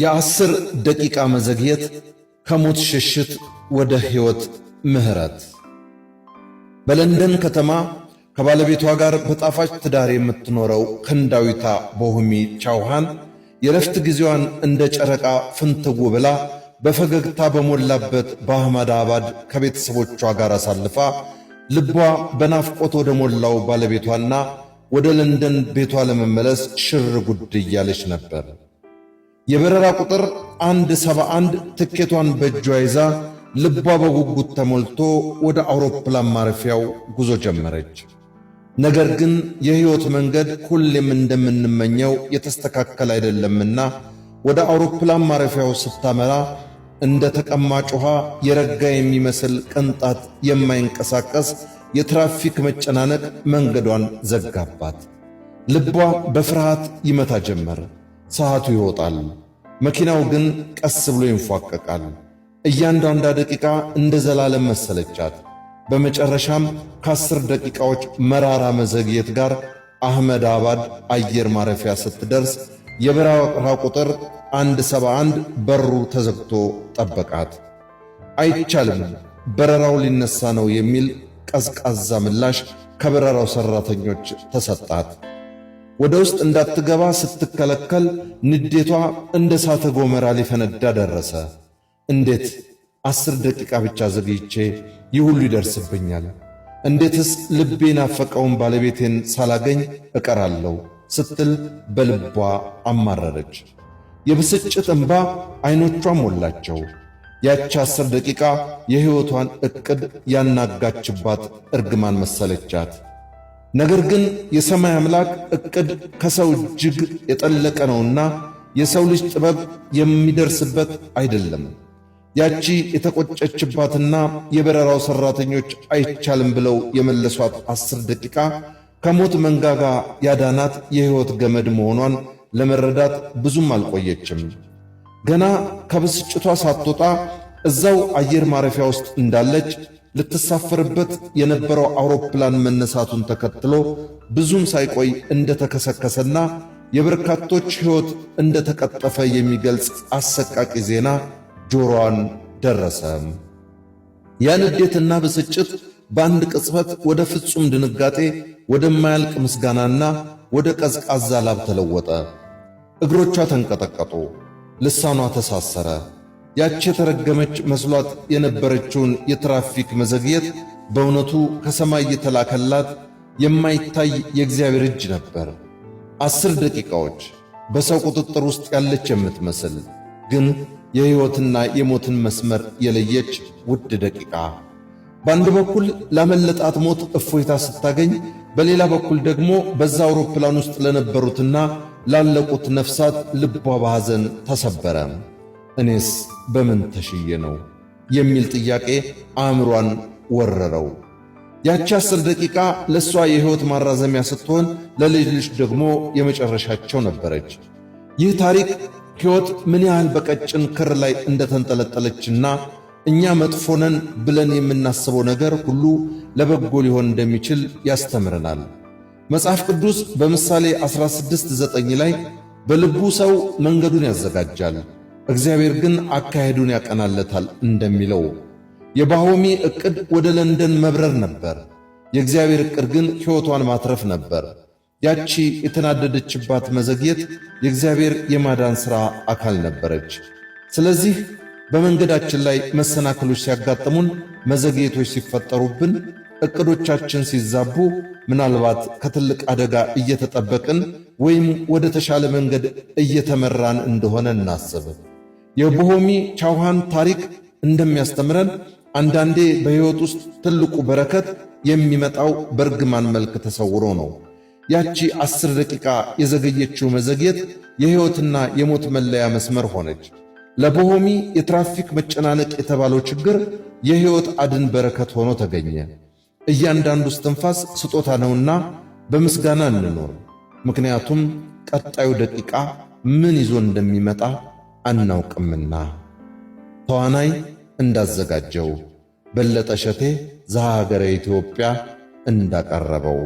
የአስር ደቂቃ መዘግየት ከሞት ሽሽት ወደ ሕይወት ምሕረት። በለንደን ከተማ ከባለቤቷ ጋር በጣፋጭ ትዳር የምትኖረው ህንዳዊቷ ቦሁሚ ቻውሃን የረፍት ጊዜዋን እንደ ጨረቃ ፍንትው ብላ በፈገግታ በሞላበት በአህመድ አባድ ከቤተሰቦቿ ጋር አሳልፋ ልቧ በናፍቆት ወደ ሞላው ባለቤቷና ወደ ለንደን ቤቷ ለመመለስ ሽር ጉድ እያለች ነበር። የበረራ ቁጥር 171 ትኬቷን በእጇ ይዛ ልቧ በጉጉት ተሞልቶ ወደ አውሮፕላን ማረፊያው ጉዞ ጀመረች። ነገር ግን የሕይወት መንገድ ሁሌም እንደምንመኘው የተስተካከለ አይደለምና ወደ አውሮፕላን ማረፊያው ስታመራ እንደ ተቀማጭ ውሃ የረጋ የሚመስል ቅንጣት የማይንቀሳቀስ የትራፊክ መጨናነቅ መንገዷን ዘጋባት። ልቧ በፍርሃት ይመታ ጀመረ። ሰዓቱ ይሮጣል፣ መኪናው ግን ቀስ ብሎ ይንፏቀቃል። እያንዳንዷ ደቂቃ እንደ ዘላለም መሰለቻት። በመጨረሻም ከአስር ደቂቃዎች መራራ መዘግየት ጋር አህመድ አባድ አየር ማረፊያ ስትደርስ የበረራ ቁጥር 171 በሩ ተዘግቶ ጠበቃት። አይቻልም፣ በረራው ሊነሳ ነው የሚል ቀዝቃዛ ምላሽ ከበረራው ሰራተኞች ተሰጣት። ወደ ውስጥ እንዳትገባ ስትከለከል ንዴቷ እንደ ሳተ ጎመራ ሊፈነዳ ደረሰ። እንዴት አስር ደቂቃ ብቻ ዘግይቼ ይህ ሁሉ ይደርስብኛል? እንዴትስ ልቤ ናፈቀውን ባለቤቴን ሳላገኝ እቀራለሁ? ስትል በልቧ አማረረች። የብስጭት እንባ ዐይኖቿን ሞላቸው። ያቺ አስር ደቂቃ የሕይወቷን ዕቅድ ያናጋችባት እርግማን መሰለቻት። ነገር ግን የሰማይ አምላክ እቅድ ከሰው እጅግ የጠለቀ ነውና የሰው ልጅ ጥበብ የሚደርስበት አይደለም። ያቺ የተቆጨችባትና የበረራው ሠራተኞች አይቻልም ብለው የመለሷት አስር ደቂቃ ከሞት መንጋጋ ያዳናት የሕይወት ገመድ መሆኗን ለመረዳት ብዙም አልቆየችም። ገና ከብስጭቷ ሳትወጣ እዛው አየር ማረፊያ ውስጥ እንዳለች ልትሳፈርበት የነበረው አውሮፕላን መነሳቱን ተከትሎ ብዙም ሳይቆይ እንደተከሰከሰና የበርካቶች ሕይወት እንደተቀጠፈ የሚገልጽ አሰቃቂ ዜና ጆሮዋን ደረሰ። ያ ንዴትና ብስጭት በአንድ ቅጽበት ወደ ፍጹም ድንጋጤ፣ ወደማያልቅ ምስጋናና ወደ ቀዝቃዛ ላብ ተለወጠ። እግሮቿ ተንቀጠቀጡ፣ ልሳኗ ተሳሰረ። ያች የተረገመች መስሏት የነበረችውን የትራፊክ መዘግየት በእውነቱ ከሰማይ የተላከላት የማይታይ የእግዚአብሔር እጅ ነበር። አስር ደቂቃዎች በሰው ቁጥጥር ውስጥ ያለች የምትመስል ግን የሕይወትና የሞትን መስመር የለየች ውድ ደቂቃ። በአንድ በኩል ላመለጣት ሞት እፎይታ ስታገኝ፣ በሌላ በኩል ደግሞ በዛ አውሮፕላን ውስጥ ለነበሩትና ላለቁት ነፍሳት ልቧ በሐዘን ተሰበረ። እኔስ በምን ተሽዬ ነው የሚል ጥያቄ አእምሯን ወረረው። ያቺ አስር ደቂቃ ለእሷ የሕይወት ማራዘሚያ ስትሆን ለልጅ ልጅ ደግሞ የመጨረሻቸው ነበረች። ይህ ታሪክ ሕይወት ምን ያህል በቀጭን ክር ላይ እንደተንጠለጠለችና እኛ መጥፎነን ብለን የምናስበው ነገር ሁሉ ለበጎ ሊሆን እንደሚችል ያስተምረናል። መጽሐፍ ቅዱስ በምሳሌ 16፥9 ላይ በልቡ ሰው መንገዱን ያዘጋጃል እግዚአብሔር ግን አካሄዱን ያቀናለታል እንደሚለው የባሆሚ ዕቅድ ወደ ለንደን መብረር ነበር። የእግዚአብሔር ዕቅድ ግን ሕይወቷን ማትረፍ ነበር። ያቺ የተናደደችባት መዘግየት የእግዚአብሔር የማዳን ሥራ አካል ነበረች። ስለዚህ በመንገዳችን ላይ መሰናክሎች ሲያጋጥሙን፣ መዘግየቶች ሲፈጠሩብን፣ ዕቅዶቻችን ሲዛቡ፣ ምናልባት ከትልቅ አደጋ እየተጠበቅን ወይም ወደ ተሻለ መንገድ እየተመራን እንደሆነ እናስብ። የቦሆሚ ቻውሃን ታሪክ እንደሚያስተምረን አንዳንዴ በሕይወት ውስጥ ትልቁ በረከት የሚመጣው በእርግማን መልክ ተሰውሮ ነው። ያቺ አስር ደቂቃ የዘገየችው መዘግየት የሕይወትና የሞት መለያ መስመር ሆነች። ለቦሆሚ የትራፊክ መጨናነቅ የተባለው ችግር የሕይወት አድን በረከት ሆኖ ተገኘ። እያንዳንዱ እስትንፋስ ስጦታ ነውና በምስጋና እንኖር፣ ምክንያቱም ቀጣዩ ደቂቃ ምን ይዞ እንደሚመጣ አናውቅምና። ተዋናይ እንዳዘጋጀው በለጠ ሸቴ ዘሀገረ ኢትዮጵያ እንዳቀረበው